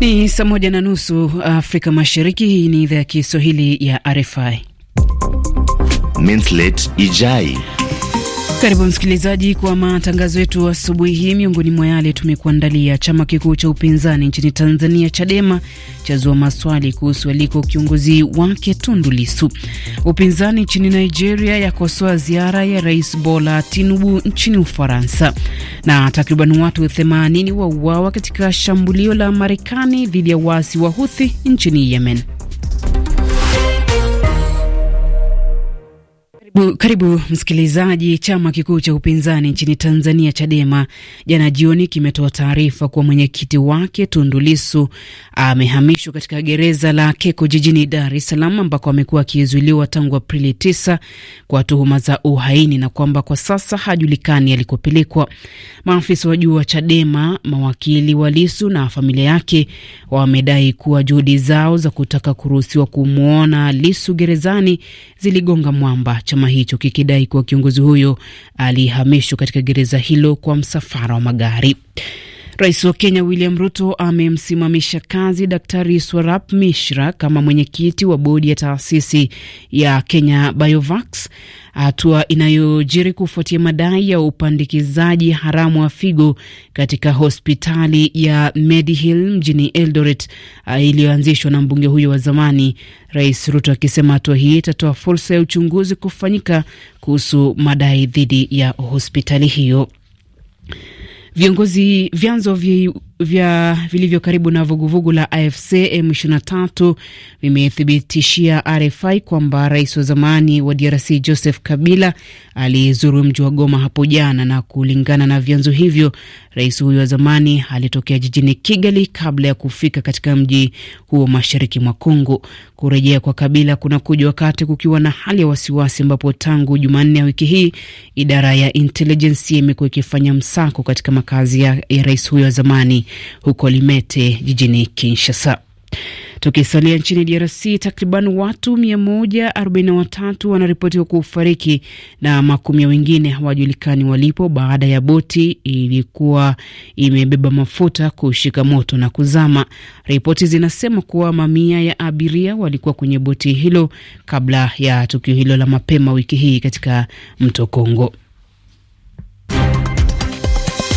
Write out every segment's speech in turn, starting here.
Ni saa moja na nusu Afrika Mashariki. Hii ni idhaa ya Kiswahili ya RFI. Minslet Ijai karibu msikilizaji kwa matangazo yetu asubuhi hii. Miongoni mwa yale tumekuandalia: chama kikuu cha upinzani nchini Tanzania, Chadema, chazua maswali kuhusu aliko kiongozi wake Tundu Lisu. upinzani nchini Nigeria yakosoa ziara ya Rais Bola Tinubu nchini Ufaransa; na takriban watu 80 wauawa katika shambulio la Marekani dhidi ya waasi wa Huthi nchini Yemen. Karibu, karibu msikilizaji. Chama kikuu cha upinzani nchini Tanzania, Chadema, jana jioni kimetoa taarifa kuwa mwenyekiti wake Tundu Lissu amehamishwa katika gereza la Keko jijini Dar es Salaam, ambako amekuwa akizuiliwa tangu Aprili 9 kwa tuhuma za uhaini na kwamba kwa sasa hajulikani alikopelekwa. Maafisa wa juu wa Chadema, mawakili wa Lissu na familia yake wamedai kuwa juhudi zao za kutaka kuruhusiwa kumwona Lissu gerezani ziligonga mwamba. Chama chama hicho kikidai kuwa kiongozi huyo alihamishwa katika gereza hilo kwa msafara wa magari. Rais wa Kenya William Ruto amemsimamisha kazi Daktari Swarap Mishra kama mwenyekiti wa bodi ya taasisi ya Kenya Biovax, hatua inayojiri kufuatia madai ya upandikizaji haramu wa figo katika hospitali ya medihill mjini Eldoret ah, iliyoanzishwa na mbunge huyo wa zamani, Rais Ruto akisema hatua hii itatoa fursa ya uchunguzi kufanyika kuhusu madai dhidi ya hospitali hiyo. Viongozi vyanzo vya vya vilivyo karibu na vuguvugu la AFC M23 vimethibitishia RFI kwamba rais wa zamani wa DRC Joseph Kabila alizuru mji wa Goma hapo jana, na kulingana na vyanzo hivyo, rais huyo wa zamani alitokea jijini Kigali kabla ya kufika katika mji huo mashariki mwa Kongo. Kurejea kwa Kabila kunakuja wakati kukiwa na hali ya wasiwasi, ambapo tangu Jumanne ya wiki hii idara ya intelijensia imekuwa ikifanya msako katika makazi ya, ya rais huyo wa zamani huko Limete jijini Kinshasa. Tukisalia nchini DRC, takriban watu 143 wanaripotiwa kufariki na makumi wengine hawajulikani walipo baada ya boti ilikuwa imebeba mafuta kushika moto na kuzama. Ripoti zinasema kuwa mamia ya abiria walikuwa kwenye boti hilo kabla ya tukio hilo la mapema wiki hii katika mto Kongo.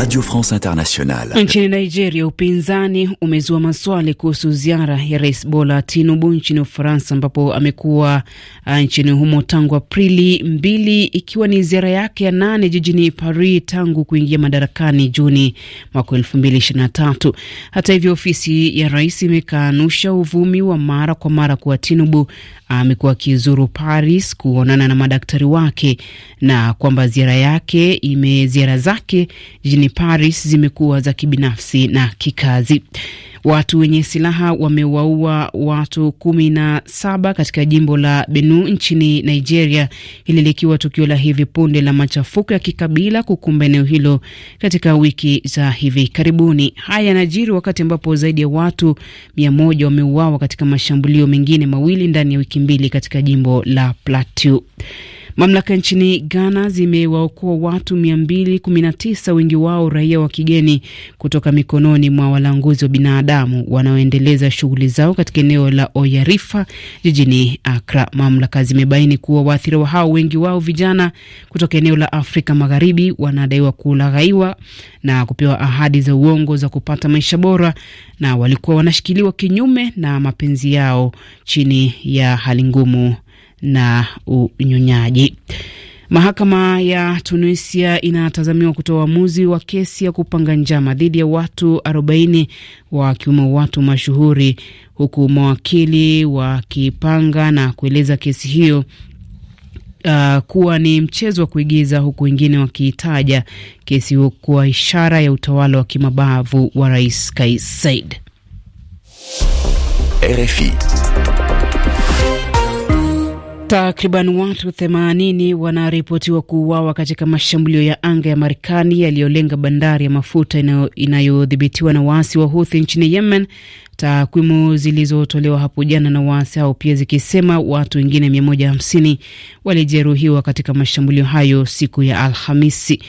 Radio France Internationale. Nchini Nigeria, upinzani umezua maswali kuhusu ziara ya Rais Bola Tinubu nchini Ufaransa ambapo amekuwa uh, nchini humo tangu Aprili mbili ikiwa ni ziara yake ya nane jijini Paris tangu kuingia madarakani Juni mwaka 2023. Hata hivyo, ofisi ya rais imekanusha uvumi wa mara kwa mara kuwa Tinubu uh, amekuwa akizuru Paris kuonana na madaktari wake na kwamba ziara yake ime ziara zake jijini Paris zimekuwa za kibinafsi na kikazi. Watu wenye silaha wamewaua watu kumi na saba katika jimbo la benu nchini Nigeria, hili likiwa tukio la hivi punde la machafuko ya kikabila kukumba eneo hilo katika wiki za hivi karibuni. Haya yanajiri wakati ambapo zaidi ya watu mia moja wameuawa katika mashambulio mengine mawili ndani ya wiki mbili katika jimbo la Plateau. Mamlaka nchini Ghana zimewaokoa watu 219 wengi wao raia wa kigeni kutoka mikononi mwa walanguzi wa binadamu wanaoendeleza shughuli zao katika eneo la Oyarifa jijini Akra. Mamlaka zimebaini kuwa waathiriwa hao wengi wao vijana kutoka eneo la Afrika Magharibi wanadaiwa kulaghaiwa na kupewa ahadi za uongo za kupata maisha bora na walikuwa wanashikiliwa kinyume na mapenzi yao chini ya hali ngumu na unyonyaji. Mahakama ya Tunisia inatazamiwa kutoa uamuzi wa kesi ya kupanga njama dhidi ya watu 40 wakiwemo watu mashuhuri, huku mawakili wakipanga na kueleza kesi hiyo Uh, kuwa ni mchezo wa kuigiza huku wengine wakiitaja kesi hiyo kuwa ishara ya utawala wa kimabavu wa Rais Kais Saied. RFI Takriban watu 80 wanaripotiwa kuuawa katika mashambulio ya anga ya Marekani yaliyolenga bandari ya mafuta inayodhibitiwa na waasi wa Houthi nchini Yemen, takwimu zilizotolewa hapo jana na waasi hao pia zikisema watu wengine 150 walijeruhiwa katika mashambulio hayo siku ya Alhamisi.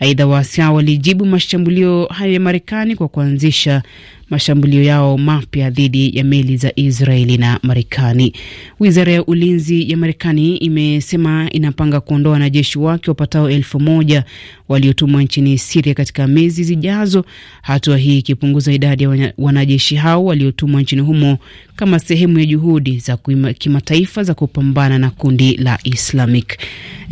Aidha, waasi hao walijibu mashambulio hayo ya Marekani kwa kuanzisha mashambulio yao mapya dhidi ya meli za Israeli na Marekani. Wizara ya ulinzi ya Marekani imesema inapanga kuondoa wanajeshi wake wapatao elfu moja waliotumwa nchini Siria katika mezi zijazo, hatua hii ikipunguza idadi ya wanajeshi hao waliotumwa nchini humo kama sehemu ya juhudi za kimataifa za kupambana na kundi la Islamic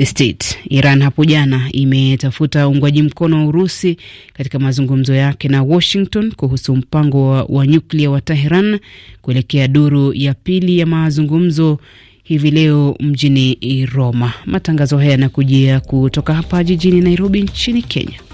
State. Iran hapo jana imetafuta uungwaji mkono wa Urusi katika mazungumzo yake na Washington kuhusu mpango wa, wa nyuklia wa Tehran kuelekea duru ya pili ya mazungumzo hivi leo mjini Roma. Matangazo haya yanakujia kutoka hapa jijini Nairobi nchini Kenya.